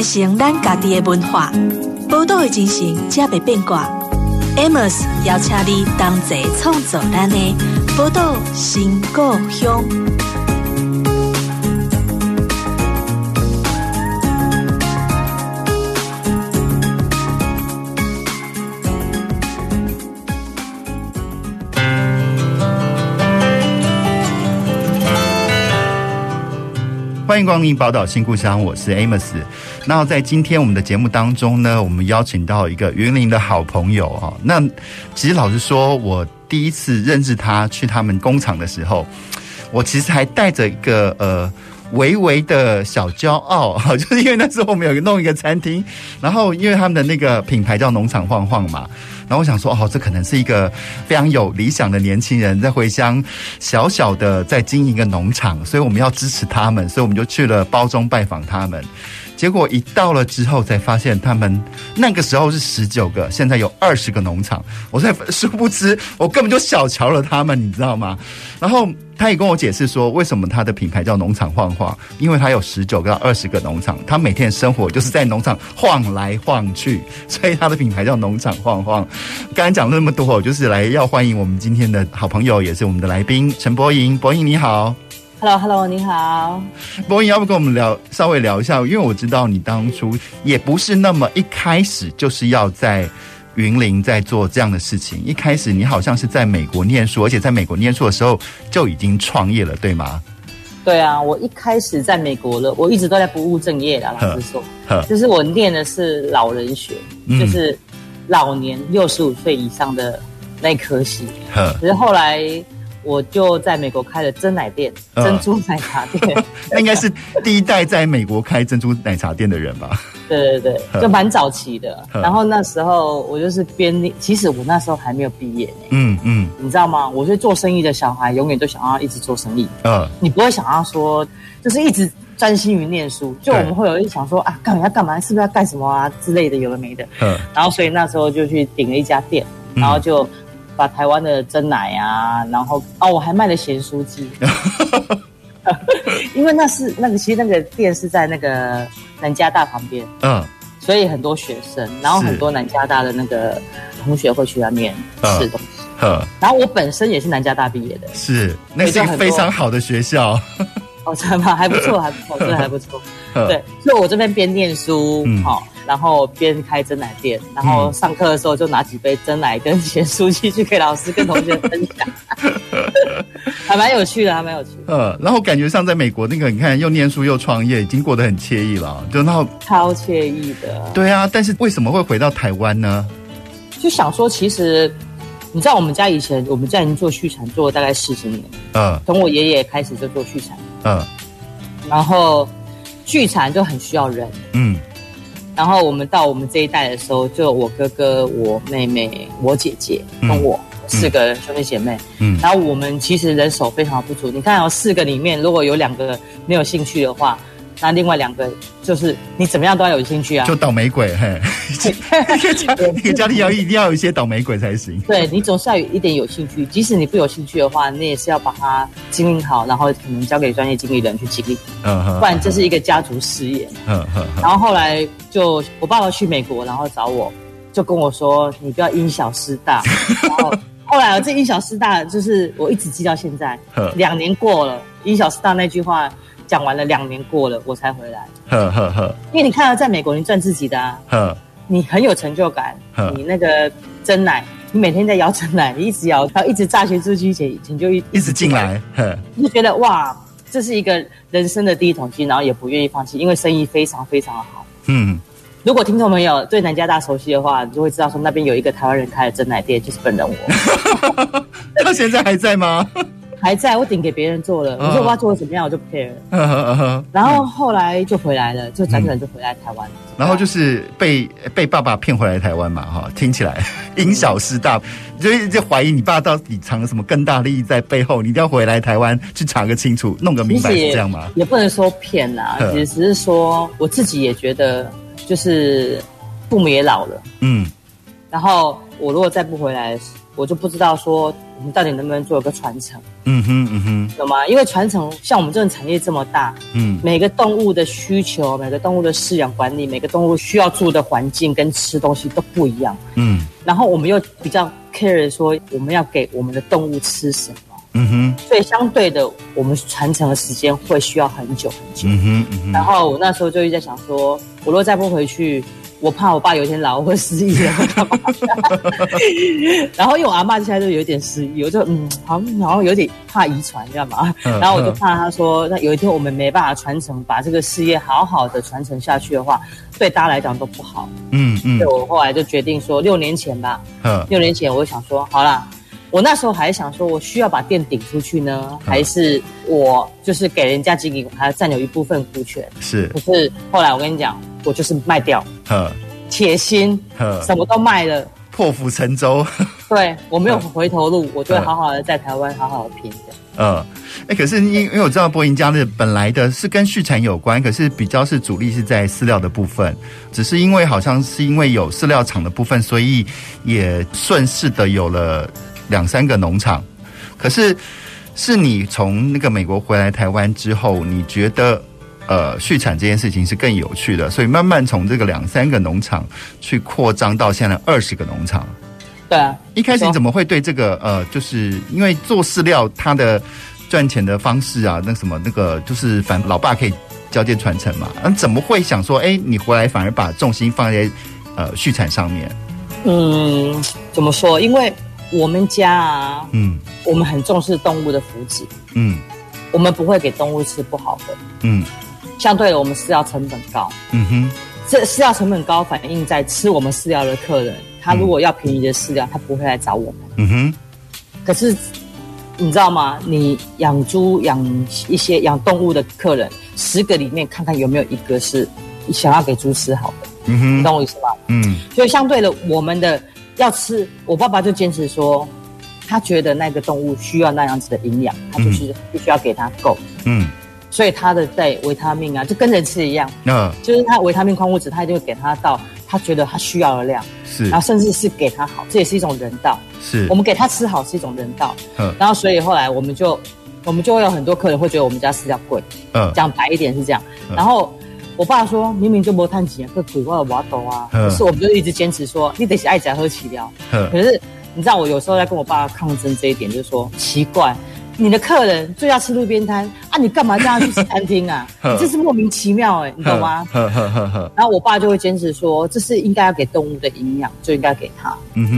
傳承咱家己的文化，寶島的精神才會變卦。 Amos 邀請你同齊創造咱的寶島新故鄉。歡迎光臨寶島新故鄉，我是 Amos。那在今天我們的節目當中呢，我們邀請到一個雲林的好朋友啊。那其實老實說，我第一次認識他去他們工廠的時候，我其實還帶着一個呃。微微的小驕傲哈，就是因為那時候我們有弄一個餐廳，然後因為他們的那個品牌叫農場晃晃嘛，然後我想說哦，這可能是一個非常有理想的年輕人在回鄉小小的在經營一個農場，所以我們要支持他們，所以我們就去了褒忠拜訪他們。結果一到了之後，才發現他們那個時候是十九個，現在有二十個農場。我在殊不知，我根本就小瞧了他們，你知道嗎？然後他也跟我解釋說，為什麼他的品牌叫農場晃晃，因為他有十九個、二十個農場，他每天生活就是在農場晃來晃去，所以他的品牌叫農場晃晃。剛才講了那麼多，就是來要歡迎我們今天的好朋友，也是我們的來賓陳柏吟。柏吟你好。Hello，Hello，hello, 你好。不過你要不跟我們聊稍微聊一下？因為我知道你當初也不是那麼一開始就是要在雲林在做這樣的事情。一開始你好像是在美國念書，而且在美國念書的時候就已經創業了，對嗎？對啊，我一開始在美國了，我一直都在不務正業的，老實說，就是我念的是老人學，嗯、就是老年六十五歲以上的那科系。呵可是後來。我就在美國開了珍奶店，呃、珍珠奶茶店。呵呵那應該是第一代在美國開珍珠奶茶店的人吧？ 對對對，就蠻早期的。呃、然後那時候我就是編，其實我那時候還沒有畢業，嗯、欸、嗯，嗯你知道嗎？我是做生意的小孩永遠都想要一直做生意。嗯、呃，你不會想要說就是一直專心於念書？就我們會有一想說對啊，幹嘛幹嘛？是不是要幹什麼啊之類的？有的沒的。嗯、呃。然後所以那時候就去頂了一家店，嗯、然後就。把台灣的珍奶啊，然後哦，我還賣了鹹酥雞 因為那是那個其實那個店是在那個南加大旁邊，嗯，uh, 所以很多學生，然後很多南加大的那個同學會去外面吃東西，uh, uh, 然後我本身也是南加大畢業的，uh, uh, 很是，那是一個非常好的學校， 哦，真的嗎？還不錯，還不錯，還不錯，對，所以，我這邊邊念書，uh, 嗯。然後邊開珍奶店，然後上課的時候就拿幾杯珍奶跟錢書記去給老師跟同學分享， 還蠻有趣的，還蠻有趣的。呃、嗯，然後感覺上在美國那個，你看又念書又創業，已經過得很愜意了。就那超愜意的。對啊，但是為什麼會回到台灣呢？就想說，其實你知道我們家以前我們家已經做畜產，做了大概四十年。嗯。從我爺爺開始就做畜產。嗯。然後畜產就很需要人。嗯。然後我們到我們這一代的時候，就我哥哥、我妹妹、我姐姐跟我，嗯，四個兄弟姐妹。嗯，然後我們其實人手非常不足。你看啊，哦，四個裡面如果有兩個沒有興趣的話。那另外兩個就是你怎麼樣都要有興趣啊，就倒霉鬼嘿，那 個家庭要一定是要有一些倒霉鬼才行。對，你總是要有一點有興趣，即使你不有興趣的話，你也是要把它經營好，然後可能交給專業經理人去經營。嗯、哦、不然這是一個家族事業、嗯。嗯嗯。嗯，然後後來就我爸爸去美國，然後找我就跟我說：“你不要因小失大。” 然後後來我這因小失大就是我一直記到現在。兩年過了，因、嗯、小失大那句話。講完了，兩年過了，我才回來。呵呵呵，因為你看到在美國，你賺自己的啊，呵你很有成就感。呵你那個珍奶，你每天在搖珍奶，你一直搖，然後一直榨出出去，錢前，前就一,一直進來。你就覺得呵哇，這是一個人生的第一桶金，然後也不願意放棄，因為生意非常非常的好。嗯，如果聽眾朋友對南加大熟悉的話，你就會知道說那邊有一個台灣人開的珍奶店，就是本人我。 他現在還在嗎？ 還在，我頂給別人做了。Uh, 我說我爸做怎麼樣，我就不 care。Uh, uh, uh, uh, 然後後來就回來了，嗯、就輾轉就回來台灣。然後就是被被爸爸騙回來台灣嘛，哈，聽起來因、嗯、小失大，就一直懷疑你爸到底藏了什麼更大的利益在背後，你一定要回來台灣去查個清楚，弄個明白是這樣嗎？也，也不能說騙啦，只呵只是說我自己也覺得，就是父母也老了，嗯。然後我如果再不回來。我就不知道說我們到底能不能做一個傳承，嗯、嗯哼嗯哼，懂嗎？因為傳承像我們這種產業這麼大，嗯，每個動物的需求、每個動物的飼養管理、每個動物需要住的環境跟吃東西都不一樣，嗯，然後我們又比較 care 說我們要給我們的動物吃什麼，嗯哼，所以相對的，我們傳承的時間會需要很久很久，嗯哼嗯哼，嗯哼然後我那時候就一直在想說，我若再不回去。我怕我爸有一天老了會失憶， 然後因為我阿媽現在就有點失憶，我就嗯，好，然後有點怕遺傳，幹嘛？呵然後我就怕他說，呵那有一天我們沒辦法傳承，把這個事業好好的傳承下去的話，對大家來講都不好。嗯嗯。嗯，所以我後來就決定說，六年前吧，嗯呵，六年前我就想說，好了，我那時候還想說，我需要把店頂出去呢，呵還是我就是給人家經營，還要佔有一部分股權？是。可是後來我跟你講。我就是賣掉，鐵呵心，呵什麼都賣了，破釜沉舟。對，我沒有回頭路，呵我就會好好的在台灣，好好的拼。嗯，哎，可是因因為我知道柏吟家的本來的是跟畜產有關，可是比較是主力是在飼料的部分，只是因為好像是因為有飼料廠的部分，所以也順勢的有了兩三個農場。可是是你從那個美國回來台灣之後，你覺得？呃，畜產這件事情是更有趣的，所以慢慢從這個兩三個農場去擴張到現在二十個農場。對啊，一開始你怎麼會對這個呃，就是因為做飼料它的賺錢的方式啊，那什麼那個就是反老爸可以交接傳承嘛，嗯，怎麼會想說，哎，你回來反而把重心放在呃畜產上面？嗯，怎麼說？因為我們家啊，嗯，我們很重視動物的福祉，嗯。嗯我們不會給動物吃不好的，嗯，相對的，我們飼料成本高，嗯哼，這飼料成本高反映在吃我們飼料的客人，嗯、他如果要便宜的飼料，他不會來找我們，嗯哼。可是你知道嗎？你養豬養一些養動物的客人，十個裡面看看有沒有一個是想要給豬吃好的，嗯哼，你懂我意思嗎？嗯，所以相對的，我們的要吃，我爸爸就堅持說。他覺得那個動物需要那樣子的營養，他就是必須要給它夠。嗯，所以他的帶維他命啊，就跟人吃一樣。嗯，就是他維他命礦物質，他就會給他到他覺得他需要的量。是，然後甚至是給他好，這也是一種人道。是，我們給他吃好是一種人道。嗯，然後所以後來我們就，我們就會有很多客人會覺得我們家飼料貴。嗯，講白一點是這樣。嗯、然後我爸說，明明就沒有碳氫，喝鬼怪的瓦豆啊。可、嗯、就是我們就一直堅持說，你得愛仔喝起料。嗯、可是。你知道我有時候在跟我爸抗爭這一點，就是說奇怪，你的客人最要吃路邊攤啊，你幹嘛叫他去吃餐廳啊？這是莫名其妙哎、欸，你懂嗎？然後我爸就會堅持說，這是應該要給動物的營養，就應該給他。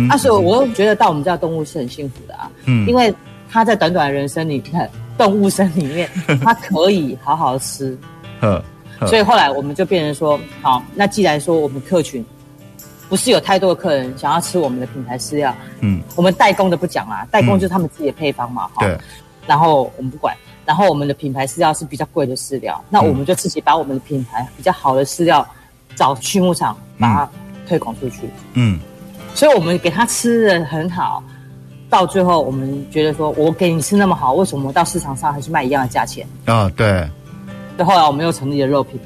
那時候我就覺得到我們家動物是很幸福的啊，因為他在短短的人生裡面，動物生裡面，它可以好好吃。所以後來我們就變成說，好，那既然說我們客群。不是有太多的客人想要吃我們的品牌飼料，嗯，我們代工的不講啦，代工就是他們自己的配方嘛，哈、嗯，哦、對。然後我們不管，然後我們的品牌飼料是比較貴的飼料，嗯、那我們就自己把我們的品牌比較好的飼料找畜牧場、嗯、把它推廣出去，嗯。所以我們給他吃得很好，到最後我們覺得說，我給你吃那麼好，為什麼我到市場上還是賣一樣的價錢？啊、哦，對。再後來我們又成立了肉品。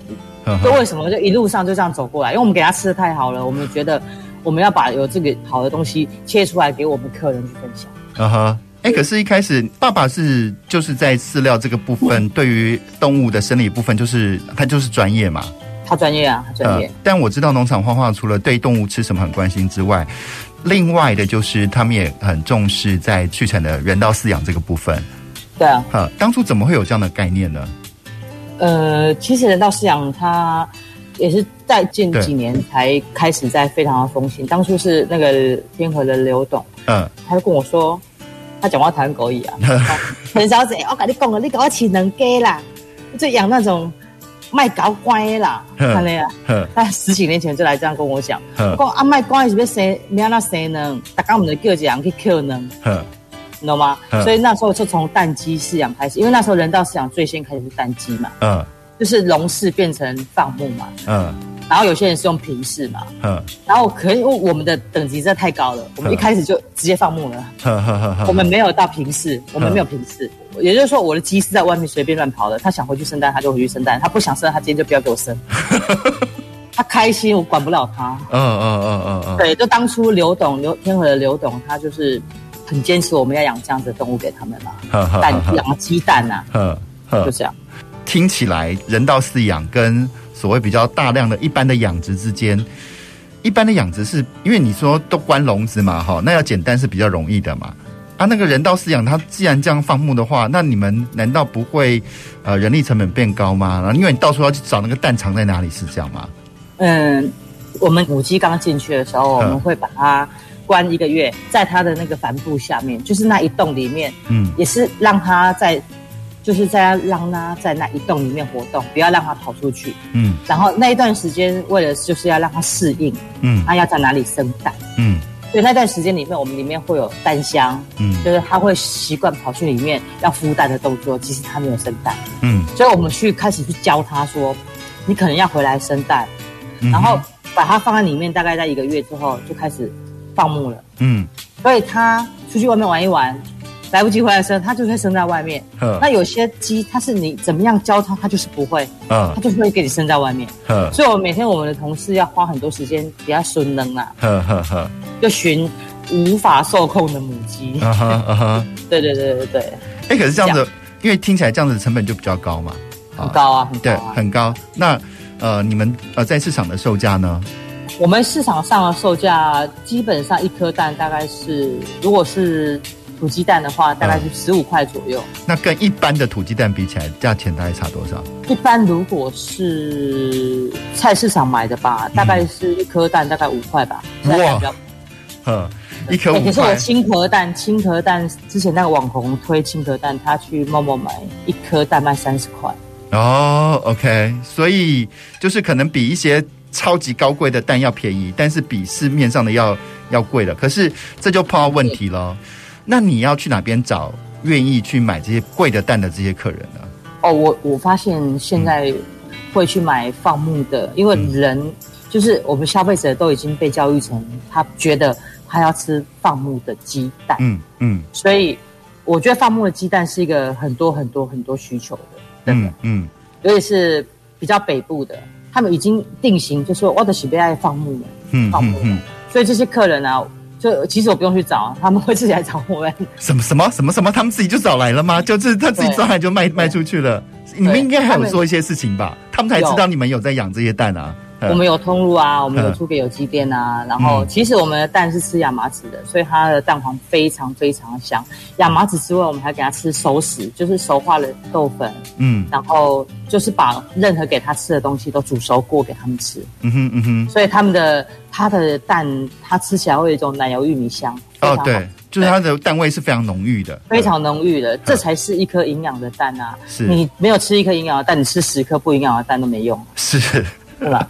就為什麼就一路上就這樣走過來？因為我們給他吃的太好了，我們覺得我們要把有這個好的東西切出來給我們客人去分享。哈哈、uh，哎、huh. 欸，可是，一開始爸爸是就是在飼料這個部分， 對於動物的生理部分，就是他就是專業嘛，他專業啊，他專業、呃。但我知道農場晃晃除了對動物吃什麼很關心之外，另外的就是他們也很重視在畜產的人道飼養這個部分。對啊、呃，當初怎麼會有這樣的概念呢？呃，其實人道飼養它，也是在近幾年才開始在非常的風行。對當初是那個天河的劉董，嗯，他就跟我說，他講話談狗語啊，陳小姐。我跟你講了，你給我錢能給啦，就養那種賣狗乖啦，看嘞、嗯。啦嗯、他十幾年前就來這樣跟我講，不過阿賣乖是要生，要那生呢，大家我們的個主人去扣呢。嗯你懂嗎？所以那時候就從蛋雞飼養開始，因為那時候人道飼養最先開始是蛋雞嘛，嗯，就是籠飼變成放牧嘛，嗯，然後有些人是用平飼嘛，嗯，然後可能因為我們的等級實在太高了，我們一開始就直接放牧了，我們沒有到平飼，我們沒有平飼，也就是說我的雞是在外面隨便亂跑的，他想回去生蛋，他就回去生蛋，他不想生，他今天就不要給我生，他開心我管不了他。嗯嗯嗯嗯，對，就當初劉董劉天河的劉董，他就是。很堅持，我們要養這樣子的動物給他們嘛？呵呵呵蛋養雞蛋吶、啊，嗯呵，就這樣。聽起來，人道飼養跟所謂比較大量的一般的養殖之間，一般的養殖是因為你說都關籠子嘛，哈，那要撿蛋是比較容易的嘛。啊，那個人道飼養，它既然這樣放牧的話，那你們難道不會呃人力成本變高嗎？啊，因為你到處要去找那個蛋藏在哪裡，是這樣嗎？嗯，我們母雞剛進去的時候，呵我們會把它。關一個月，在他的那個帆布下面，就是那一棟裡面，嗯，也是讓他在，就是在讓他在那一棟裡面活動，不要讓他跑出去，嗯，然後那一段時間，為了就是要讓他適應，嗯，他要在哪裡生蛋，嗯，所以那段時間裡面，我們裡面會有蛋箱，嗯，就是他會習慣跑去裡面要孵蛋的動作，其實他沒有生蛋，嗯，所以我們去開始去教他說，你可能要回來生蛋，然後把它放在裡面，大概在一個月之後就開始。放牧了，嗯，所以他出去外面玩一玩，來不及回來生，他就會生在外面。呵那有些雞，它是你怎麼樣教它，它就是不會，嗯呵，它就是會給你生在外面。呵所以我每天我們的同事要花很多時間給它尋扔啊，呵呵呵，就尋無法受控的母雞，呵呵 對對對對對哎、欸，可是這樣子，樣子因為聽起來這樣子成本就比較高嘛，很高啊，很高啊，對，很高。那呃，你們呃在市場的售價呢？我們市場上的售價基本上一顆蛋大概是，如果是土雞蛋的話，大概是十五塊左右，嗯。那跟一般的土雞蛋比起來，價錢大概差多少？一般如果是菜市場買的吧，嗯、大概是一顆蛋大概五塊吧。嗯，比較哇，呵，對一顆五塊。可是我青殼蛋，青殼蛋之前那個網紅推青殼蛋，他去 momo 買一顆蛋賣三十塊。哦，OK，所以就是可能比一些。超級高貴的蛋要便宜，但是比市面上的要要貴了。可是這就碰到問題了。對那你要去哪邊找願意去買這些貴的蛋的這些客人呢？哦，我我發現現在會去買放牧的，嗯、因為人就是我們消費者都已經被教育成，他覺得他要吃放牧的雞蛋。嗯嗯，嗯所以我覺得放牧的雞蛋是一個很多很多很多需求的。真的，嗯，尤、嗯、其是比較北部的。他們已經定型，就說我的喜被愛放牧了。牧了嗯，放、嗯、牧，嗯、所以這些客人啊，就其實我不用去找、啊，他們會自己來找我們。什麼什麼什麼什麼？他們自己就找來了嗎？就是他自己抓來就賣對賣出去了。對你們應該還有做一些事情吧？他們，他們才知道你們有在養這些蛋啊。我們有通路啊，我們有出給有機店啊。嗯、然後，其實我們的蛋是吃亞麻籽的，所以它的蛋黃非常非常的香。嗯、亞麻籽之外，我們還給它吃熟食，就是熟化的豆粉。嗯，然後就是把任何給它吃的東西都煮熟過，給他們吃。嗯哼，嗯哼。所以他們的它的蛋，它吃起來會有一種奶油玉米香。哦，對，就是它的蛋味是非常濃郁的，對嗯、非常濃郁的，嗯、這才是一顆營養的蛋啊。是，你沒有吃一顆營養的蛋，你吃十顆不營養的蛋都沒用。是。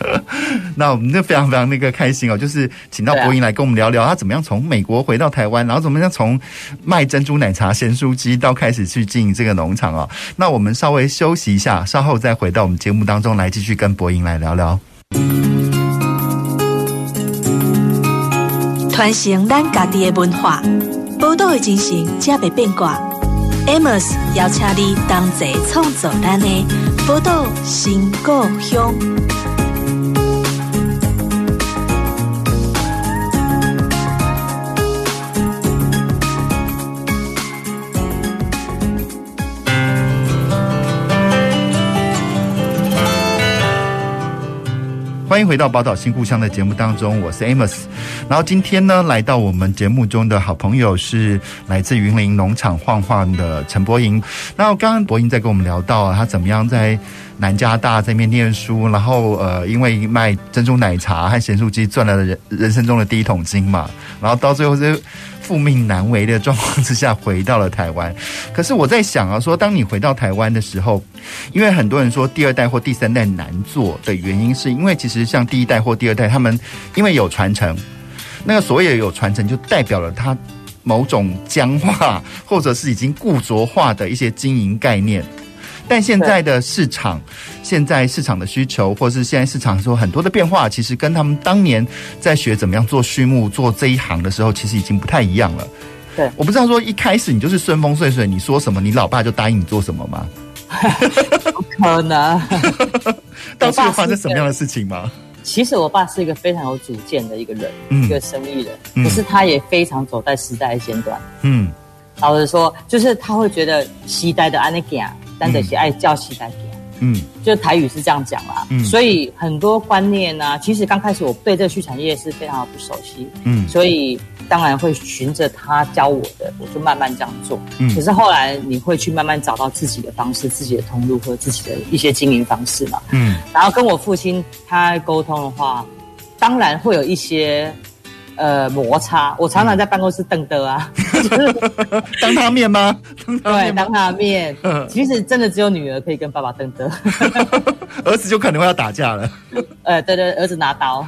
那我們就非常非常那個開心哦，就是請到柏吟來跟我們聊聊，他怎麼樣從美國回到台灣，然後怎麼樣從賣珍珠奶茶、鹹酥雞到開始去經營這個農場哦。那我們稍微休息一下，稍後再回到我們節目當中來繼續跟柏吟來聊聊。傳承咱家己的文化，寶島的精神，才袂變卦。Amos 要請你同齊創造咱的寶島新故鄉。歡迎回到《寶島新故鄉》的節目當中，我是 Amos，然後今天呢，來到我們節目中的好朋友是來自雲林農場晃晃的陳柏吟。那剛剛柏吟在跟我們聊到啊，他怎麼樣在南加大在那邊念書，然後呃、，因為賣珍珠奶茶和鹹酥雞賺了人人生中的第一桶金嘛，然後到最後是父命難違的狀況之下回到了台灣。可是我在想啊，說當你回到台灣的時候，因為很多人說第二代或第三代難做的原因，是因為其實像第一代或第二代，他們因為有傳承，那個所謂有傳承，就代表了他某種僵化或者是已經固着化的一些經營概念。但現在的市場，對現在市場的需求，或是現在市場說很多的變化，其實跟他們當年在學怎麼樣做畜牧、做這一行的時候，其實已經不太一樣了。對，我不知道說一開始你就是順風順水，水，你說什麼，你老爸就答應你做什麼嗎？不可能。 到老爸發生什麼樣的事情嗎？其實我爸是一個非常有主見的一個人，嗯、一個生意人，就、嗯、是他也非常走在時代的前端。嗯，老實說，就是他會覺得期待的安妮吉單的些愛教習在給，嗯，就台語是這樣講啦，嗯，所以很多觀念呢、啊，其實剛開始我對這個畜產業是非常的不熟悉，嗯，所以當然會循着他教我的，我就慢慢這樣做，嗯，可是後來你會去慢慢找到自己的方式、自己的通路和自己的一些經營方式嘛，嗯，然後跟我父親他溝通的話，當然會有一些。呃，摩擦，我常常在辦公室瞪得啊、就是 當，當他面嗎？對，當他面。嗯、其實真的只有女兒可以跟爸爸瞪得， 兒子就可能會要打架了。呃對，對對，兒子拿刀。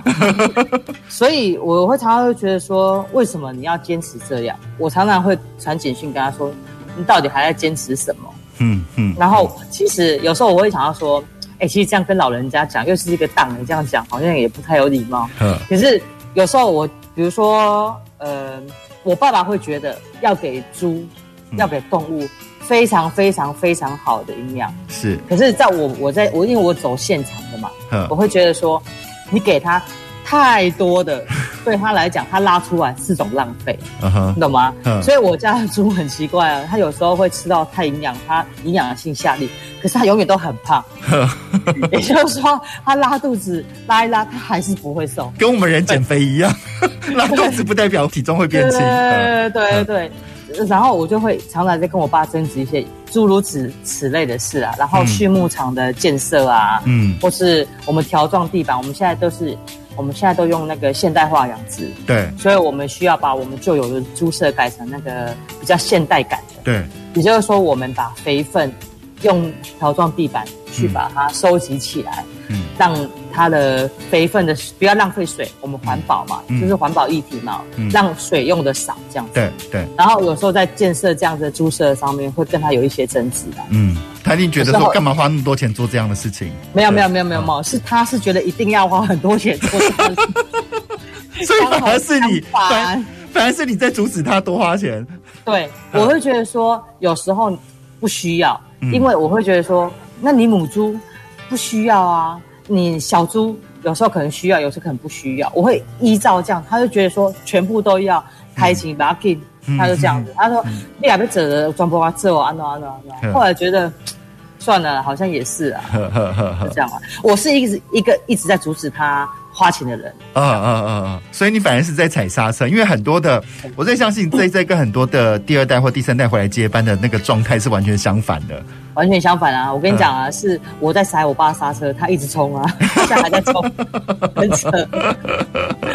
所以我會常常會覺得說，為什麼你要堅持這樣？我常常會傳簡訊跟他說，你到底還在堅持什麼？嗯嗯。嗯，然後其實有時候我會想要說，哎、欸，其實這樣跟老人家講，又是一個當、欸，這樣講好像也不太有禮貌。嗯。可是有時候我。比如說，呃，我爸爸會覺得要給豬，要給動物、嗯、非常非常非常好的營養。是。可是，在我我在我因為我走現場的嘛，呵 我會覺得說，你給他。太多的，對他來講，他拉出來是種浪費，uh huh. 你懂嗎？Uh huh. 所以我家的豬很奇怪啊，他有時候會吃到太營養，它營養性下痢，可是他永遠都很胖。Uh huh. 也就是說，他拉肚子拉一拉，他還是不會瘦，跟我們人減肥一樣，對 拉肚子不代表體重會變輕。對對,對,對,對,對對，uh huh. 然後我就會常常在跟我爸爭執一些諸如此此類的事啊，然後畜牧場的建設啊，嗯，或是我們條狀地板，我們現在都是。我們現在都用那個現代化養殖，對，所以我們需要把我們舊有的豬舍改成那個比較現代感的。對，也就是說，我們把肥糞用條狀地板去把它收集起來。嗯嗯，讓他的備份的不要浪費水，我們環保嘛，就是環保議題嘛，讓水用的少這樣子。對對。然後有時候在建設這樣子的豬舍上面，會跟他有一些爭執的。嗯，他一定覺得說，幹嘛花那麼多錢做這樣的事情？沒有沒有沒有沒有沒有，是他是覺得一定要花很多錢做這樣的事情。所以，反而是你，反而是你在阻止他多花錢。對，我會覺得說，有時候不需要，因為我會覺得說，那你母豬不需要啊。你小豬有時候可能需要，有時候可能不需要，我會依照這樣，他就覺得說全部都要開，開心把它給，他就這樣子，他說，嗯，說你來不者裝不這我安諾安諾安諾，後來覺得呵呵呵呵算了，好像也是啊，呵呵呵這樣啊，我是一直一個一直在阻止他。花錢的人，啊啊啊啊！所以你反而是在踩剎車，因為很多的，我在相信在在跟很多的第二代或第三代回來接班的那個狀態是完全相反的，完全相反啊！我跟你講啊，嗯、是我在踩我爸剎車，他一直衝啊，現在還在衝， 很扯。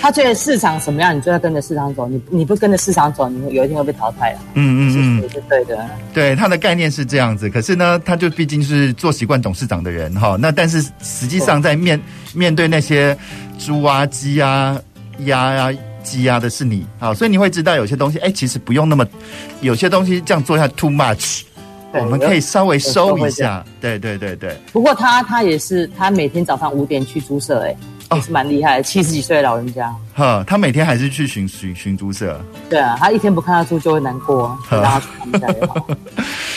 他覺得市場什麼樣，你就要跟着市場走。你你不跟着市場走，你有一天會被淘汰啊。嗯嗯，嗯是是對的。對，他的概念是這樣子。可是呢，他就畢竟是做習慣董事長的人哈。那但是實際上在面對面對那些豬啊雞啊鴨呀雞啊的是你啊，所以你會知道有些東西，哎、欸，其實不用那麼。有些東西這樣做一下 too much，對我們可以稍微收一下。對對對對。不過他他也是，他每天早上五點去豬舍、欸，哎。也是蠻厲害的，七十、哦、幾歲的老人家。呵，他每天還是去巡巡巡豬舍。對啊，他一天不看他豬就會難過，拉呵他一下，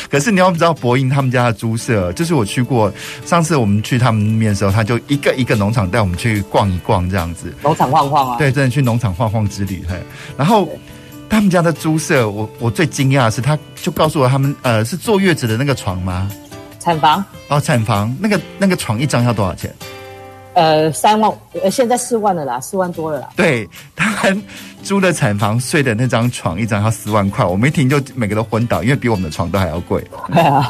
可是你要知道，柏吟他們家的豬舍，就是我去過，上次我們去他們那邊的時候，他就一個一個農場帶我們去逛一逛這樣子。農場晃晃啊？對，真的去農場晃晃之旅。嘿，然後對他們家的豬舍，我我最驚訝的是，他就告訴我他們呃是坐月子的那個床嗎？產房。哦，產房那個那個床一張要多少錢？呃，三萬，呃，現在四萬了啦，四萬多了啦。對，他豬的產房，睡的那張床，一張要四萬塊，我們一停就每個都昏倒，因為比我們的床都還要貴。嗯、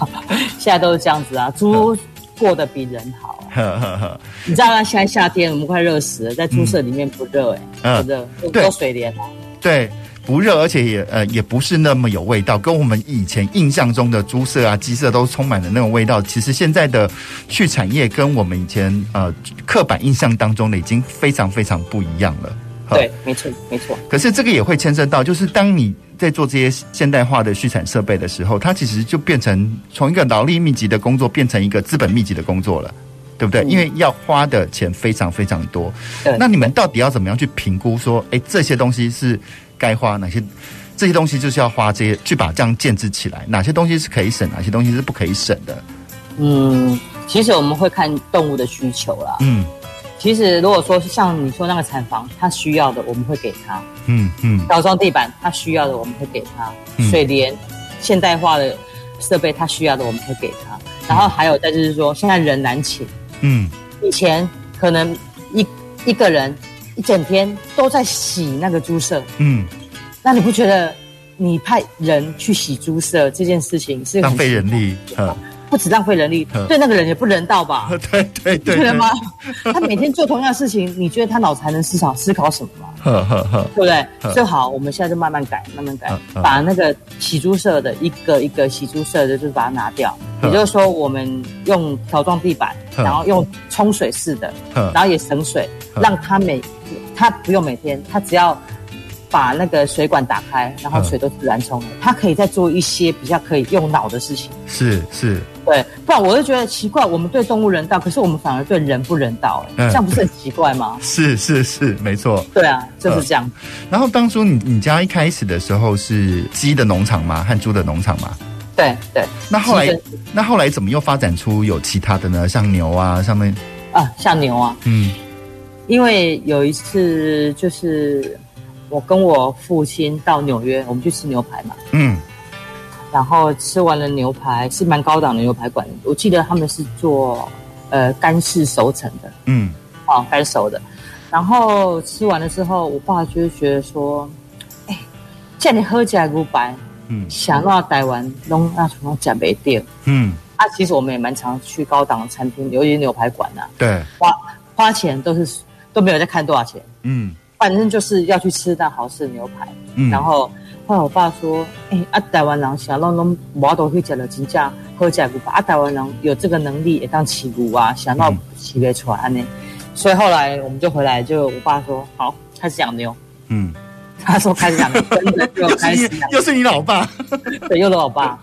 現在都是這樣子啊，豬過得比人好、啊。呵呵呵你知道嗎、啊？現在夏天我們快熱死了，在豬舍裡面不熱哎、欸，不熱、嗯，有水簾。對。不熱，而且也呃也不是那麼有味道，跟我們以前印象中的豬舍啊、雞舍都充滿了那種味道。其實現在的畜產業跟我們以前呃刻板印象當中的已經非常非常不一樣了。對，沒錯，沒錯。可是這個也會牽涉到，就是當你在做這些現代化的畜產設備的時候，它其實就變成從一個勞力密集的工作變成一個資本密集的工作了，對不對？嗯、因為要花的錢非常非常多。嗯、那你們到底要怎麼樣去評估說，哎、欸，這些東西是？該花哪些，這些東西，就是要花這些去把這樣建置起來。哪些東西是可以省，哪些東西是不可以省的？嗯，其實我們會看動物的需求啦。嗯，其實如果說像你說那個產房，它需要的我們會給它、嗯。嗯嗯。倒裝地板，它需要的我們會給它、嗯、水簾，現代化的設備，它需要的我們會給它。嗯、然後還有再就是說，現在人難請。嗯。以前可能一一個人。一整天都在洗那個豬舍，嗯，那你不覺得你派人去洗豬舍這件事情是浪費人力，嗯，不止浪費人力，對那個人也不人道吧？對對對，對嗎？他每天做同樣的事情，你覺得他腦子還能思考思考什麼嗎？對不對？最好，我們現在就慢慢改，慢慢改，把那個洗豬舍的一個一個洗豬舍的，就是把它拿掉。也就是說，我們用條狀地板，然後用沖水式的，然後也省水，讓他每他不用每天，他只要把那個水管打開，然後水都自然沖了。嗯、他可以再做一些比較可以用腦的事情。是是，是對。不然我就覺得奇怪，我們對動物人道，可是我們反而對人不人道、欸，哎、嗯，這樣不是很奇怪嗎？是是是，沒錯。對啊，就是這樣。嗯、然後當初你你家一開始的時候是雞的農場嘛，和豬的農場嘛？對對。那後來那後來怎麼又發展出有其他的呢？像牛啊，上面啊、嗯，像牛啊，嗯。因為有一次就是我跟我父親到紐約，我們去吃牛排嘛。嗯。然後吃完了牛排，是蠻高檔的牛排館，我記得他們是做呃乾式熟成的。嗯。哦，乾熟的。然後吃完了之後，我爸就覺得說：“哎，叫你喝起來不白，嗯，想要待完弄那攏食袂定。”嗯。啊，其實我們也蠻常去高檔的餐廳，尤其牛排館啊，對。花花錢都是。都沒有在看多少錢，嗯，反正就是要去吃一道好吃的牛排，嗯，然後後來我爸說，哎啊，台灣人想讓儂毛豆去講了金價，喝起來不巴，啊，台灣人，啊，人有這個能力也當起步啊，想到起個船呢，所以後來我們就回來，就我爸說好，開始養牛，嗯。他說：“開始養牛，真的，開的 又開始，又是你老爸， 對，又是老爸。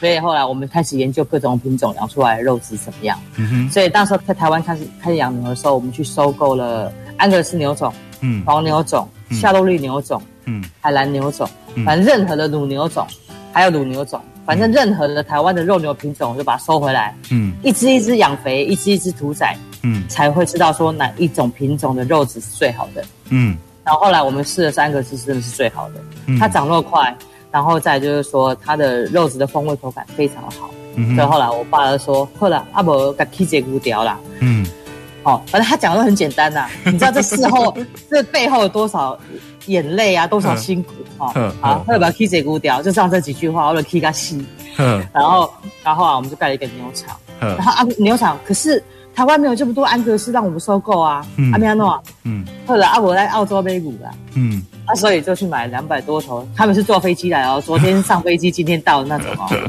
所以後來我們開始研究各種品種，養出來的肉質怎麼樣。嗯哼。所以當時候在台灣開始開始養牛的時候，我們去收購了安格斯牛種、嗯，黃牛種、夏洛利牛種、嗯，海藍牛種，嗯、反正任何的乳牛種，還有乳牛種，反正任何的台灣的肉牛品種，我就把它收回來。嗯，一隻一隻養肥，一隻一隻屠宰。嗯，才會知道說哪一種品種的肉質是最好的。嗯。”然後後來我們試了三個，字是真的是最好的。嗯、它長肉快，然後再就是說它的肉質的風味口感非常好。所以、嗯、哼後來我爸就說：“後來阿伯給起這骨雕啦嗯，好、哦，反正他講的都很簡單吶、啊。你知道這事後 這背後有多少眼淚啊，多少辛苦、哦、呵呵呵啊？啊，為了把起這骨雕，就上這幾句話，為了起個心。嗯呵，然後呵然後啊，我們就蓋了一個牛場。嗯，然後啊牛場可是。台灣沒有這麼多安格斯讓我們收購啊，阿米亞諾，嗯，或者啊、嗯、啊我在澳洲威武了，嗯，啊所以就去買兩百多頭，他們是坐飛機來哦，昨天上飛機， 今天到的那種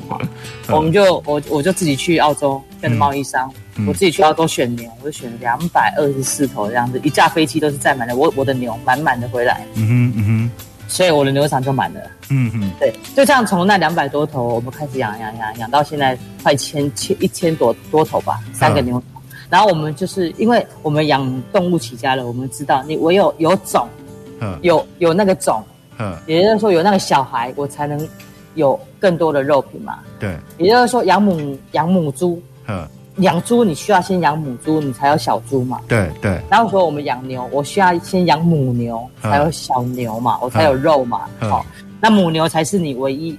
哦。 我們就我我就自己去澳洲跟貿易商，嗯、我自己去澳洲選牛，我就選兩百二十四頭這樣子，一架飛機都是載滿了，我我的牛滿滿的回來，嗯哼嗯哼，嗯哼，所以我的牛場就滿了，嗯哼，對，就這樣從那兩百多頭我們開始養養養養到現在快千千一千多多頭吧，嗯、三個牛。然後我們就是因為我們養動物起家了，我們知道你唯有有種，有有那個種，呵也就是說有那個小孩，我才能有更多的肉品嘛。對，也就是說養母養母豬，嗯呵，養豬你需要先養母豬，你才有小豬嘛。對對。對，然後說我們養牛，我需要先養母牛才有小牛嘛，呵我才有肉嘛。好呵、喔，那母牛才是你唯一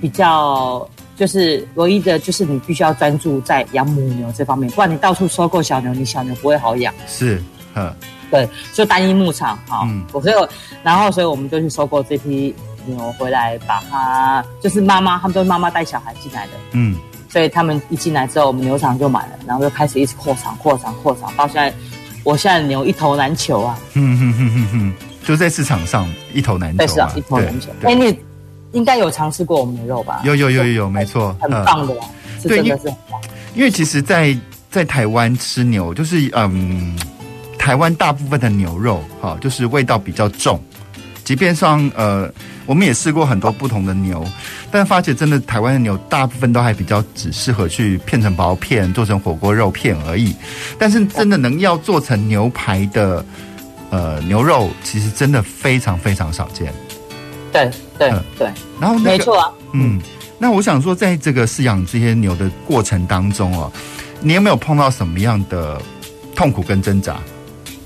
比較。就是唯一的，就是你必須要專注在養母牛這方面，不然你到處收購小牛，你小牛不會好養。是，嗯，對，就單一牧場，哈，嗯，我所以我然後所以我們就去收購這批牛回來，把它就是媽媽，他們都是媽媽帶小孩進來的，嗯，所以他們一進來之後，我們牛場就滿了，然後就開始一直擴場，擴場，擴場，擴場，到現在，我現在牛一頭難求啊，嗯哼哼哼哼，就在市場上一頭難求啊，對，一頭難求，因為。應該有嘗試過我們的肉吧？有有有有有，對沒錯錯、嗯，很棒的，呃、對，真的是很棒。因為其實在，在在台灣吃牛，就是嗯，台灣大部分的牛肉哈、哦，就是味道比較重。即便上呃，我們也試過很多不同的牛，哦、但發覺真的台灣的牛大部分都還比較只適合去片成薄片，做成火鍋肉片而已。但是真的能要做成牛排的呃牛肉，其實真的非常非常少見。對對對、嗯，然後、那個、沒錯、啊，嗯，那我想說，在這個飼養這些牛的過程當中哦，你有沒有碰到什麼樣的痛苦跟掙扎，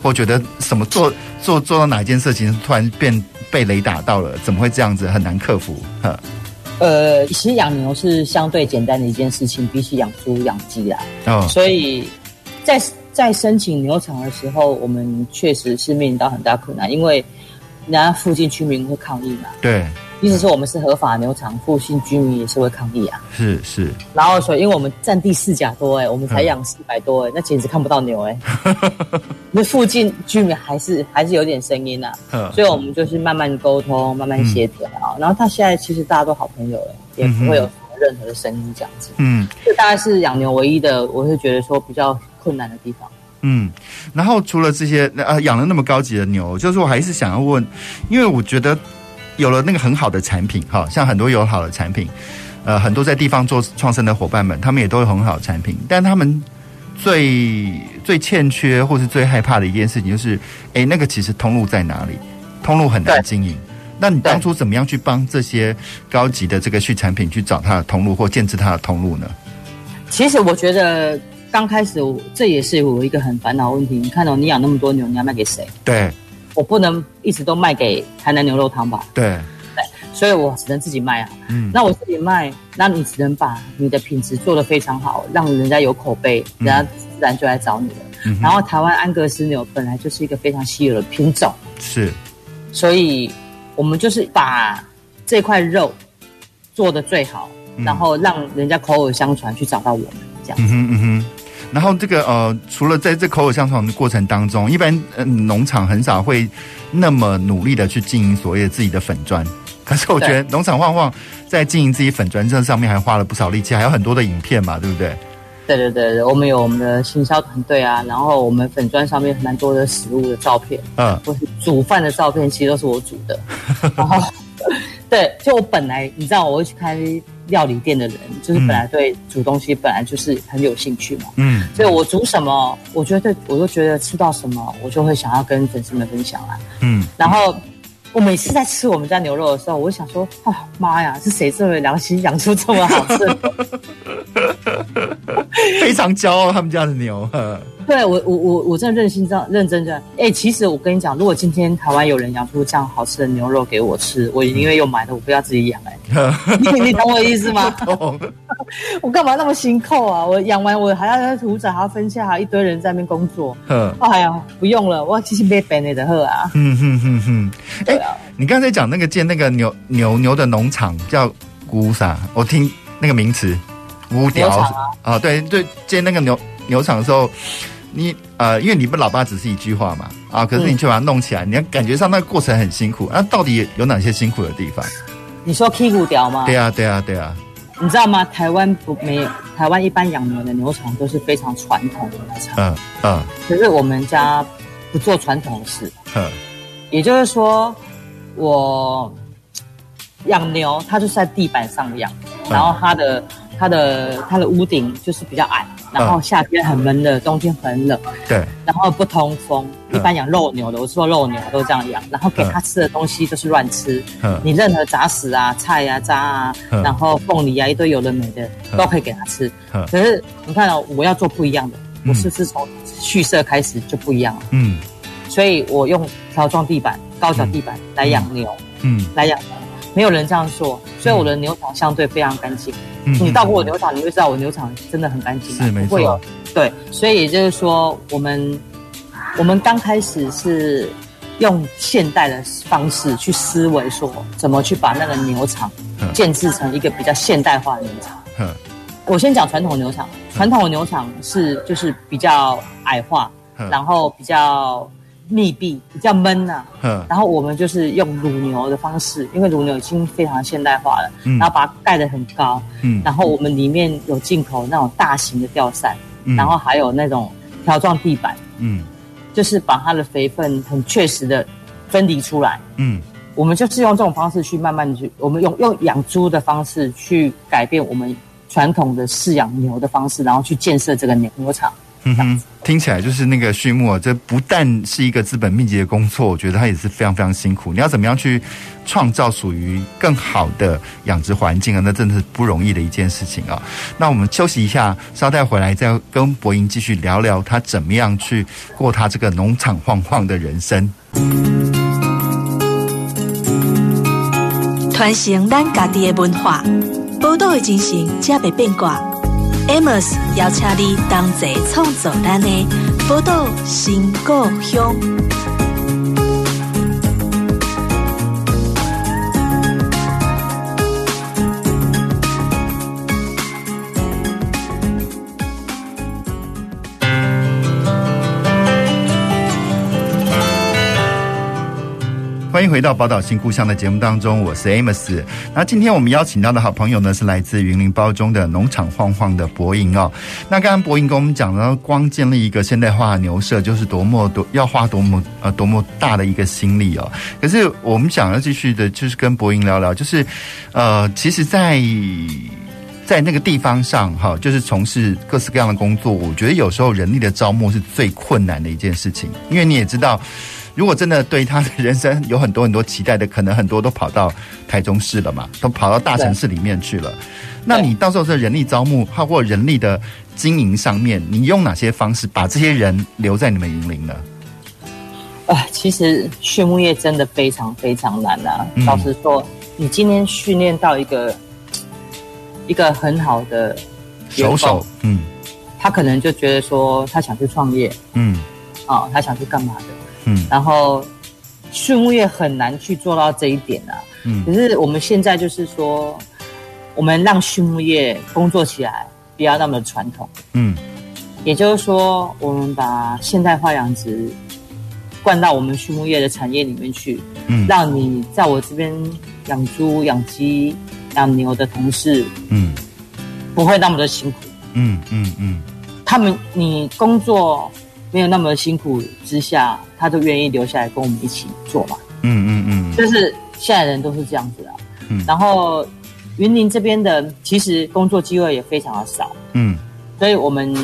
或覺得什麼做做做到哪件事情突然變被雷打到了，怎麼會這樣子很難克服？嗯、呃，其實養牛是相對簡單的一件事情，比起養豬養雞啊，哦、所以在，在在申請牛場的時候，我們確實是面臨到很大困難、啊，因為。人家附近居民會抗議嘛？對，意思說我們是合法牛場，附近居民也是會抗議啊。是是，是然後說，因為我們占地四甲多哎，我們才養四百多哎，嗯、那簡直看不到牛哎。那 附近居民還是還是有點聲音啊，呵呵所以我們就是慢慢溝通，慢慢協調、嗯、然後他現在其實大家都好朋友了，也不會有什麼任何的聲音這樣子。嗯，就大概是養牛唯一的，我是覺得說比較困難的地方。嗯，然後除了這些，呃，養了那麼高級的牛，就是我還是想要問，因為我覺得有了那個很好的產品，哈、哦，像很多有好的產品，呃，很多在地方做創生的伙伴們，他們也都有很好的產品，但他們最最欠缺或是最害怕的一件事情，就是，哎，那個其實通路在哪裡？通路很難經營。對那你當初怎麼樣去幫這些高級的這個畜產品去找它的通路或建制它的通路呢？其實我覺得。剛開始我，我這也是我一個很煩惱的問題。你看到，哦，你養那麼多牛，你要賣給誰？對，我不能一直都賣給台南牛肉湯吧？對，對，所以我只能自己賣啊。嗯，那我自己賣，那你只能把你的品質做得非常好，讓人家有口碑，嗯，人家自然就來找你了。嗯、哼然後，台灣安格斯牛本來就是一個非常稀有的品種，是，所以我們就是把這塊肉做得最好，嗯，然後讓人家口耳相傳去找到我們，這樣子。嗯哼嗯哼然後這個呃，除了在這口耳相傳的過程當中，一般、呃、農場很少會那麼努力的去經營所謂自己的粉磚。可是我覺得農場晃晃在經營自己粉磚這上面還花了不少力氣，氣還有很多的影片嘛，對不對？對對對對，我們有我們的行銷團隊啊，然後我們粉磚上面蠻多的食物的照片，嗯，我煮飯的照片，其實都是我煮的。然後 對，就我本來你知道我會去開。料理店的人就是本來對煮東西本來就是很有興趣嘛，嗯，所以我煮什麼，我覺得我都覺得吃到什麼，我就會想要跟粉絲們分享啦，嗯，然後我每次在吃我們家牛肉的時候，我就想說，啊媽呀，是誰這麼良心養出這麼好吃的， 非常驕傲他們家的牛。對，我我我我這樣任性這樣認真這樣，哎、欸，其實我跟你講，如果今天台灣有人養出這樣好吃的牛肉給我吃，我寧願又買的我不要自己養、欸。 你你懂我的意思嗎？我幹 嘛那麼辛苦啊？我養完我還要屠宰，還要分切，還一堆人在那邊工作、 哦。哎呀，不用了，我要其實沒別的喝、 欸、啊。嗯哼哼哼。哎，你剛才講那個建那個牛牛牛的農場叫古啥？我聽那個名詞烏屌啊，對，對，建那個牛牛場的時候。你呃，因為你們老爸只是一句話嘛，啊，可是你就把它弄起來，你要感覺上那個過程很辛苦。那、啊、到底有哪些辛苦的地方？你說屁股屌嗎？對啊，對啊，對啊。你知道嗎？台灣不沒台灣一般養牛的牛場都是非常傳統的牛場、嗯。嗯嗯。可是我們家不做傳統的事。嗯、也就是說，我養牛，它就是在地板上養，嗯、然後它的。它的它的屋頂就是比較矮，然後夏天很悶熱，冬天很冷，對，然後不通風。一般養肉牛的，我說肉牛都這樣養，然後給它吃的東西都是亂吃，嗯，你任何雜食啊、菜啊、渣啊，然後鳳梨啊，一堆有的沒的都可以給它吃。可是你看，我要做不一樣的，我是是從畜舍開始就不一樣了，嗯，所以我用條狀地板、高腳地板來養牛，嗯，來養牛，沒有人這樣做，所以我的牛場相對非常乾淨。你到過我牛場，嗯、你會知道我牛場真的很乾淨，沒錯，對，所以也就是說，我們我們剛開始是用現代的方式去思維，說怎麼去把那個牛場建制成一個比較現代化的牛場。呵我先講傳統牛場，傳統的牛場是就是比較矮化，然後比較，密閉比較悶吶、啊，嗯呵，然後我們就是用乳牛的方式，因為乳牛已經非常現代化了，嗯、然後把它蓋得很高，嗯，然後我們裡面有進口那種大型的吊扇，嗯、然後還有那種條狀地板，嗯，就是把它的肥分很確實的分離出來，嗯，我們就是用這種方式去慢慢去，我們用用養豬的方式去改變我們傳統的飼養牛的方式，然後去建設這個牛牛場。嗯哼，聽起來就是那個畜牧啊，這不但是一個資本密集的工作，我覺得他也是非常非常辛苦。你要怎麼樣去創造屬於更好的養殖環境啊？那真的是不容易的一件事情啊，哦！那我們休息一下，稍待回來再跟柏吟繼續聊聊他怎麼樣去過他這個農場晃晃的人生。傳承咱家己的文化，不斷的進行，才袂變卦。Amos 要請你同齊創作咱的寶島新故鄉。歡迎回到《寶島新故鄉》的節目當中，我是 Amos。那今天我們邀請到的好朋友呢，是來自雲林褒忠的農場晃晃的柏吟哦。那剛剛柏吟跟我們講了，光建立一個現代化的牛舍，就是多麼多要花多麼呃多麼大的一個心力哦。可是我們想要繼續的，就是跟柏吟聊聊，就是呃，其實在，在在那個地方上哈、哦，就是從事各式各樣的工作，我覺得有時候人力的招募是最困難的一件事情，因為你也知道。如果真的對他的人生有很多很多期待的，可能很多都跑到台中市了嘛，都跑到大城市裡面去了。對那你到時候在人力招募或人力的經營上面，你用哪些方式把這些人留在你們雲林呢、呃？其實畜牧業真的非常非常難啊！嗯、老實說，你今天訓練到一個一個很好的熟手，嗯，他可能就覺得說他想去創業，嗯，啊、哦，他想去幹嘛的？嗯，然後，畜牧業很難去做到這一點啊。嗯，可是我們現在就是說，我們讓畜牧業工作起來不要那麼的傳統。嗯，也就是說，我們把現代化養殖灌到我們畜牧業的產業裡面去。嗯，讓你在我這邊養豬、養雞、養牛的同事，嗯，不會那麼的辛苦。嗯嗯嗯，嗯嗯他們你工作。沒有那麼辛苦之下，他都願意留下來跟我們一起做嘛。嗯嗯嗯。嗯嗯就是，現在人都是這樣子啊。嗯。然後，雲林這邊的其實工作機會也非常的少。嗯。所以我們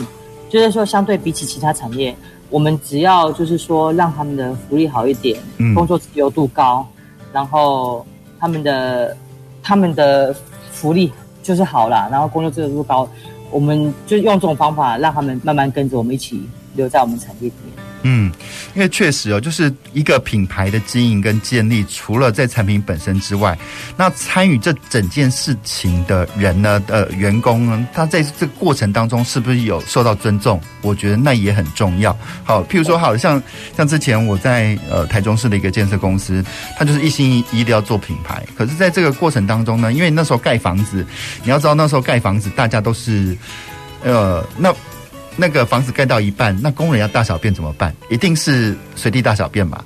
就是說，相對比起其他產業，我們只要就是說讓他們的福利好一點，嗯、工作自由度高，然後他們的他們的福利就是好了，然後工作自由度高，我們就用這種方法讓他們慢慢跟着我們一起。留在我們產地這，嗯，因為確實哦、喔，就是一個品牌的經營跟建立，除了在產品本身之外，那參與這整件事情的人呢，呃，員工呢，他在這過程當中是不是有受到尊重？我覺得那也很重要。好，譬如說好，好像像之前我在呃台中市的一個建設公司，他就是一心一意的要做品牌，可是在這個過程當中呢，因為那時候蓋房子，你要知道那時候蓋房子大家都是，呃，那。那個房子蓋到一半，那工人要大小便怎麼辦？一定是隨地大小便嘛。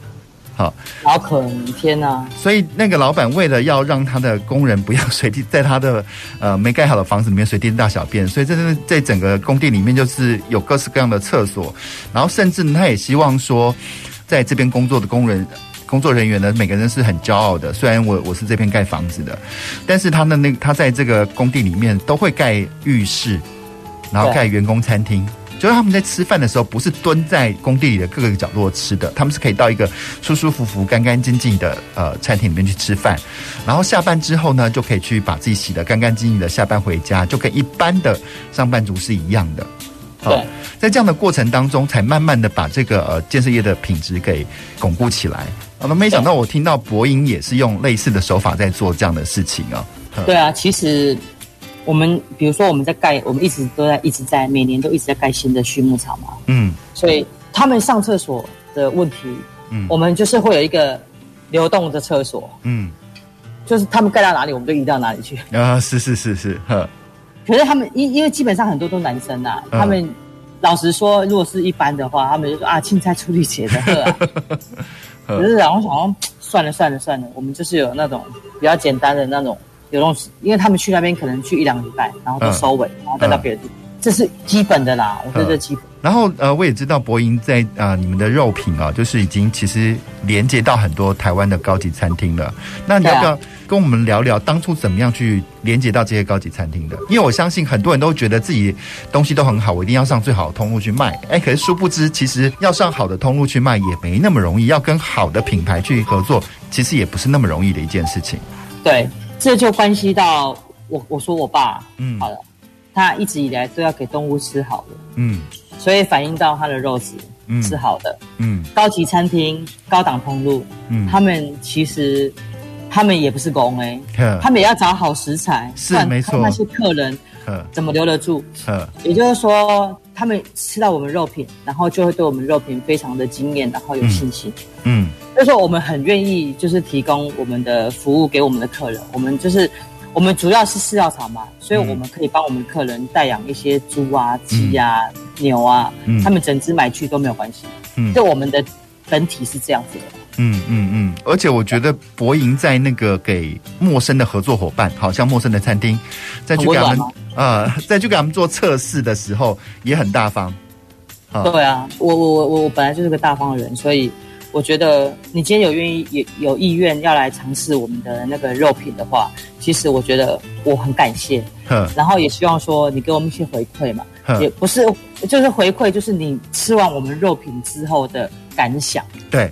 好、哦，好可憐，天哪！所以那個老闆為了要讓他的工人不要隨地在他的呃沒蓋好的房子裡面隨地大小便，所以這這在整個工地裡面就是有各式各樣的廁所。然後甚至呢，他也希望說，在這邊工作的工人、工作人員呢，每個人是很驕傲的。雖然我我是這邊蓋房子的，但是他的那他在這個工地裡面都會蓋浴室。然後蓋員工餐廳，就是對他們在吃飯的時候，不是蹲在工地裡的各個角落吃的，他們是可以到一個舒舒服服乾乾淨淨，乾乾淨淨的呃餐廳裡面去吃飯。然後下班之後呢，就可以去把自己洗得乾乾淨淨的下班回家，就跟一般的上班族是一樣的。對、啊，在這樣的過程當中，才慢慢的把這個呃建設業的品質給鞏固起來。我、啊、們沒想到我聽到柏吟也是用類似的手法在做這樣的事情啊。對啊，其實。我們比如說，我們在蓋，我們一直都在一直在每年都一直在蓋新的畜牧場嘛。嗯，所以他們上廁所的問題，嗯，我們就是會有一個流動的廁所。嗯，就是他們蓋到哪裡，我們就移到哪裡去。啊，是是是是，呵。可是他們因因為基本上很多都男生啊，呵他們老實說，如果是一般的話，他們就說啊，青菜處理的。呵、啊。呵可是然後想，算了算了算了，算了，我們就是有那種比較簡單的那種。有東西，因為他們去那邊可能去一兩個禮拜，然後就收尾，嗯、然後帶到別的地方，嗯、這是基本的啦。我覺得這基本、嗯。然後呃，我也知道柏吟在啊、呃，你們的肉品啊、呃，就是已經其實連接到很多台灣的高級餐廳了。那你要不要跟我們聊聊當初怎麼樣去連接到這些高級餐廳的？因為我相信很多人都覺得自己東西都很好，我一定要上最好的通路去賣。哎、欸，可是殊不知，其實要上好的通路去賣也沒那麼容易，要跟好的品牌去合作，其實也不是那麼容易的一件事情。對。這就關係到我，我說我爸，嗯，好了，他一直以來都要給動物吃好的，嗯，所以反映到他的肉質，嗯，是好的，嗯，高級餐廳、高檔通路，嗯，他們其實，他們也不是工 A，可他們也要找好食材，是算沒錯，他那些客人。怎麼留得住？也就是說，他們吃到我們肉品，然後就會對我們肉品非常的驚艷，然後有信心，嗯。嗯，所以說我們很願意，就是提供我們的服務給我們的客人。我們就是，我們主要是飼料廠嘛，所以我們可以幫我們的客人代養一些豬啊、雞啊、嗯、牛啊，他們整隻買去都沒有關係。嗯，對我們的本體是這樣子的。嗯嗯嗯，而且我覺得柏吟在那個給陌生的合作夥伴，好像陌生的餐廳，再去給他們我呃，再去給他們做測試的時候也很大方。啊對啊，我我我我本來就是個大方的人，所以我覺得你今天有願意也有意願要來嘗試我們的那個肉品的話，其實我覺得我很感謝。嗯呵。然後也希望說你給我們一些回饋嘛。呵也不是，就是回饋，就是你吃完我們肉品之後的感想。對。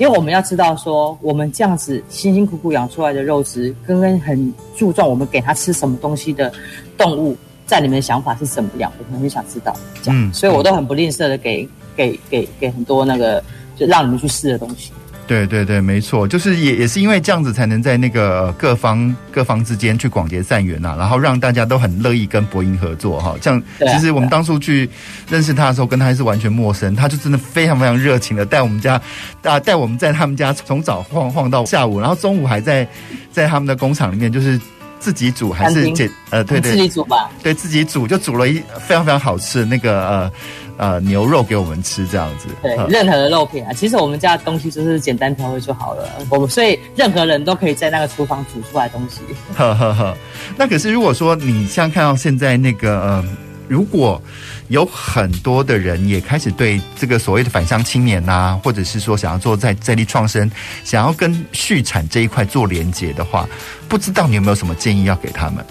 因為我們要知道說，說我們這樣子辛辛苦苦養出來的肉質，跟跟很注重我們給它吃什麼東西的動物，在裡面的想法是怎麼樣？我們很想知道，這樣嗯，所以我都很不吝嗇的給給給給很多那個，就讓你們去試的東西。對對對，沒錯，就是也也是因為這樣子，才能在那個各方各方之間去廣結善緣吶、啊，然後讓大家都很樂意跟柏吟合作哈、啊。像其實我們當初去認識他的時候，跟他是完全陌生，他就真的非常非常熱情的帶我們家啊，帶我們在他們家從早晃晃到下午，然後中午還在在他們的工廠裡面就是。自己煮還是簡平呃煮，對對，自己煮吧，對自己煮就煮了一非常非常好吃的那個呃呃牛肉給我們吃這樣子，對呵任何的肉品啊，其實我們家的東西就是簡單調味就好了，我們所以任何人都可以在那個廚房煮出來東西，呵呵呵，那可是如果說你像看到現在那個呃。如果有很多的人也開始對這個所謂的返鄉青年吶、啊，或者是說想要做在，在地創生，想要跟畜產這一塊做連接的話，不知道你有沒有什麼建議要給他們？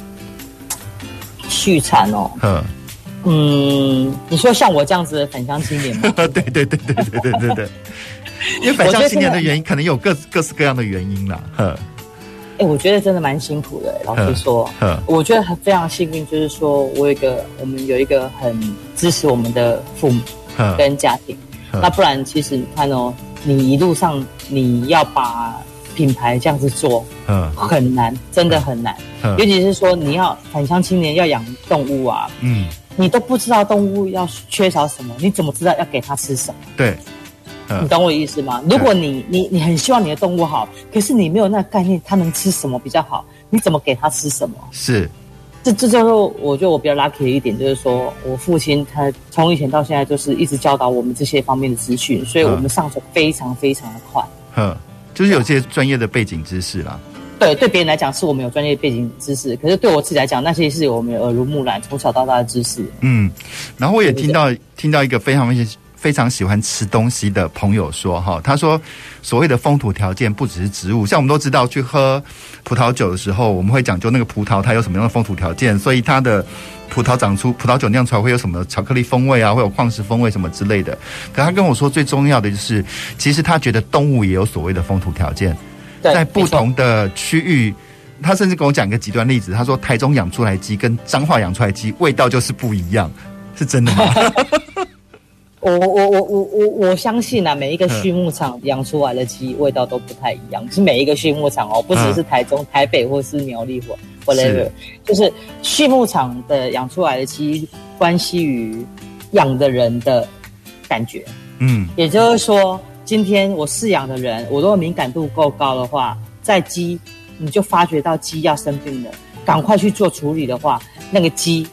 畜產哦，呵嗯，你說像我這樣子的返鄉青年嗎？ 對對對對對對對對，對， 因為返鄉青年的原因，可能有各各式各樣的原因啦，呵。哎、欸，我覺得真的蠻辛苦的。老實說，呵我覺得很非常幸運，就是說我有一個我們有一個很支持我們的父母跟家庭。呵那不然，其實你看哦，你一路上你要把品牌這樣子做，呵很難，真的很難。呵尤其是說你要返鄉青年要養動物啊，嗯、你都不知道動物要缺少什麼，你怎麼知道要給它吃什麼？對。你懂我意思嗎？呵如果你你你很希望你的動物好，可是你沒有那個概念，它能吃什麼比較好？你怎麼給它吃什麼？是，這這就是我覺得我比較 lucky 的一點，就是說我父親他從以前到現在就是一直教導我們這些方面的資訊，所以我們上手非常非常的快。嗯，就是有這些專業的背景知識啦。對對，別人來講是我們有專業背景知識，可是對我自己來講，那些是我們耳濡目染，從小到大的知識。嗯，然後我也聽到聽到一個非常非常。非常喜歡吃東西的朋友說：“哈，他說所謂的風土條件不只是植物，像我們都知道，去喝葡萄酒的時候，我們會講究那個葡萄它有什麼樣的風土條件，所以它的葡萄長出葡萄酒釀出來會有什麼巧克力風味啊，會有礦石風味什麼之類的。可他跟我說，最重要的就是，其實他覺得動物也有所謂的風土條件，對在不同的區域。說他甚至跟我講一個極端例子，他說，台中養出來雞跟彰化養出來雞味道就是不一樣，是真的嗎？” 我我我我我我相信啊，每一個畜牧場養出來的雞、嗯、味道都不太一樣，是每一個畜牧場哦，不只是台中、嗯、台北，或是苗栗或或那個，是就是畜牧場的養出來的雞，關係於養的人的感覺。嗯，也就是說，今天我飼養的人，我如果敏感度夠高的話，在雞你就發覺到雞要生病了，趕快去做處理的話，那個雞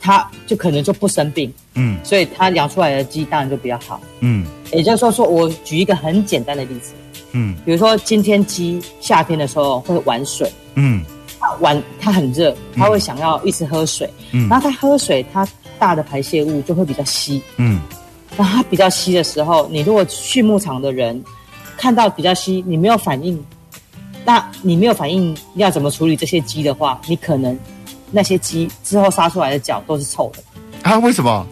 它就可能就不生病。嗯，所以他養出來的雞當然就比較好。嗯，也就是說，說我舉一個很簡單的例子。嗯，比如說今天雞夏天的時候會玩水。嗯，他玩，它很熱，它會想要一直喝水。嗯，然後它喝水，它大的排泄物就會比較稀。嗯，那它比較稀的時候，你如果畜牧場的人看到比較稀，你沒有反應，那你沒有反應要怎麼處理這些雞的話，你可能那些雞之後殺出來的腳都是臭的。啊？為什麼？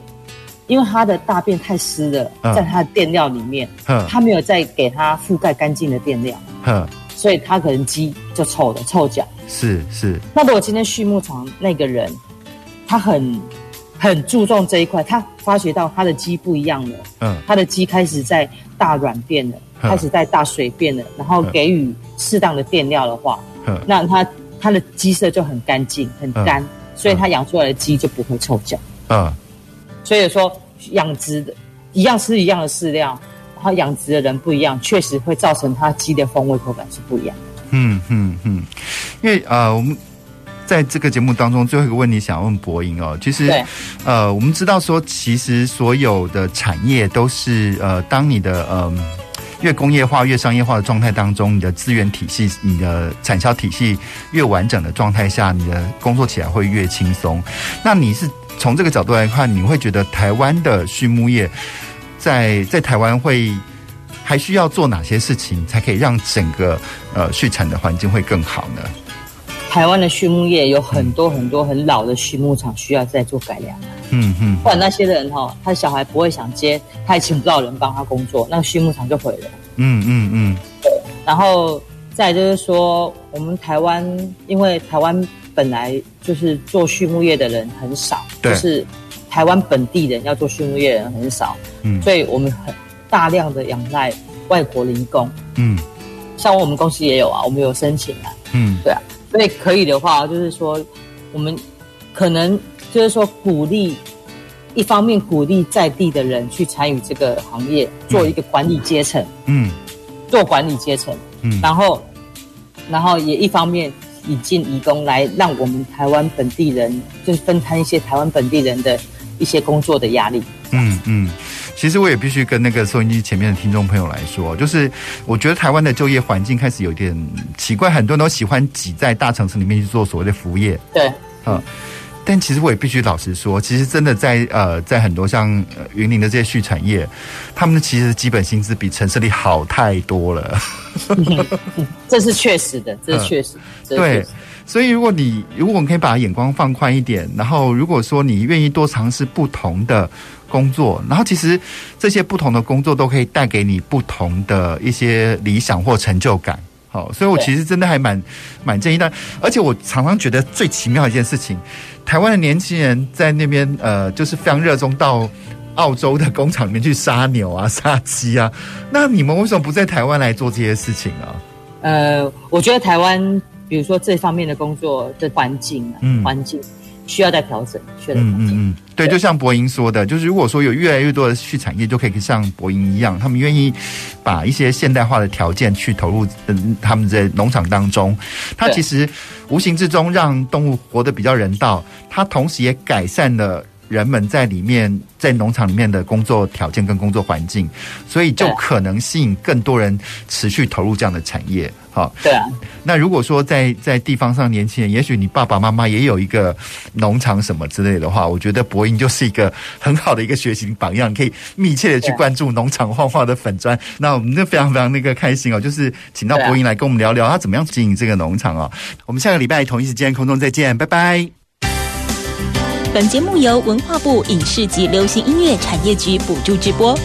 因為它的大便太濕了，在它的墊料裡面，它沒有再給它覆蓋乾淨的墊料，嗯、所以它可能雞就臭了，臭腳。是是。那如果今天畜牧場那個人，他很很注重這一塊，他發覺到他的雞不一樣了，嗯、他的雞開始在大軟便了，嗯、開始在大水便了，然後給予適當的墊料的話，嗯、那他他的雞舍就很乾淨很乾，嗯、所以他養出來的雞就不會臭腳。嗯。所以說，養殖的，一樣是一樣的飼料，然後養殖的人不一樣，確實會造成它雞的風味口感是不一樣的。嗯嗯嗯。因為呃，我們在這個節目當中，最後一個問題想要問柏吟哦，其實，就是，對呃，我們知道說，其實所有的產業都是呃，當你的呃越工業化、越商業化的狀態當中，你的資源體系、你的產銷體系越完整的狀態下，你的工作起來會越輕鬆。那你是？從這個角度來看，你會覺得台灣的畜牧業在在台灣會還需要做哪些事情，才可以讓整個呃畜產的環境會更好呢？台灣的畜牧業有很多很多很老的畜牧場需要再做改良。嗯嗯，嗯嗯，不然那些人哈、哦，他小孩不會想接，他也請不到人幫他工作，那個畜牧場就毀了。嗯嗯嗯，嗯嗯對。然後再就是說，我們台灣因為台灣。本來就是做畜牧業的人很少，對就是台灣本地人要做畜牧業的人很少，嗯，所以我們很大量的仰賴外國零工，嗯，像我們公司也有啊，我們有申請啊，嗯，對啊，所以可以的話，就是說我們可能就是說鼓勵一方面鼓勵在地的人去參與這個行業，做一個管理階層，嗯，做管理階層，嗯，然後然後也一方面。引進移工來，讓我們台灣本地人就是分攤一些台灣本地人的一些工作的壓力。嗯嗯，其實我也必須跟那個收音機前面的聽眾朋友來說，就是我覺得台灣的就業環境開始有點奇怪，很多人都喜歡擠在大城市裡面去做所謂的服務業。對，嗯。但其實我也必須老實說，其實真的在呃，在很多像呃雲林的這些畜產業，他們其實基本薪資比城市裡好太多了。嗯嗯，這是確實的，這是確實。呵，這是確實的。對，所以如果你，如果我們可以把眼光放寬一點，然後如果說你願意多嘗試不同的工作，然後其實這些不同的工作都可以帶給你不同的一些理想或成就感。好，所以我其實真的還蠻蠻對建議的，而且我常常覺得最奇妙的一件事情，台灣的年輕人在那邊呃，就是非常熱衷到澳洲的工廠裡面去殺牛啊、殺雞啊，那你們為什麼不在台灣來做這些事情啊？呃，我覺得台灣，比如說這方面的工作的環境啊，嗯，環境。需要再調整，整，嗯嗯嗯，對，就像柏吟說的，對就是如果說有越來越多的畜產業，就可以像柏吟一樣，他們願意把一些現代化的條件去投入，嗯，他們在農場當中，它其實無形之中讓動物活得比較人道，它對同時也改善了人們在裡面在農場裡面的工作條件跟工作環境，所以就可能吸引更多人持續投入這樣的產業。對嗯好，對啊。那如果說在在地方上，年輕人，也許你爸爸媽媽也有一個農場什麼之類的話，我覺得柏吟就是一個很好的一個學習榜樣，可以密切的去關注農場晃晃的粉專。啊、那我們就非常非常那個開心哦，就是請到柏吟來跟我們聊聊他怎麼樣經營這個農場哦。啊、我們下個禮拜同一時間空中再見，拜拜。本節目由文化部影視及流行音樂產業局補助直播。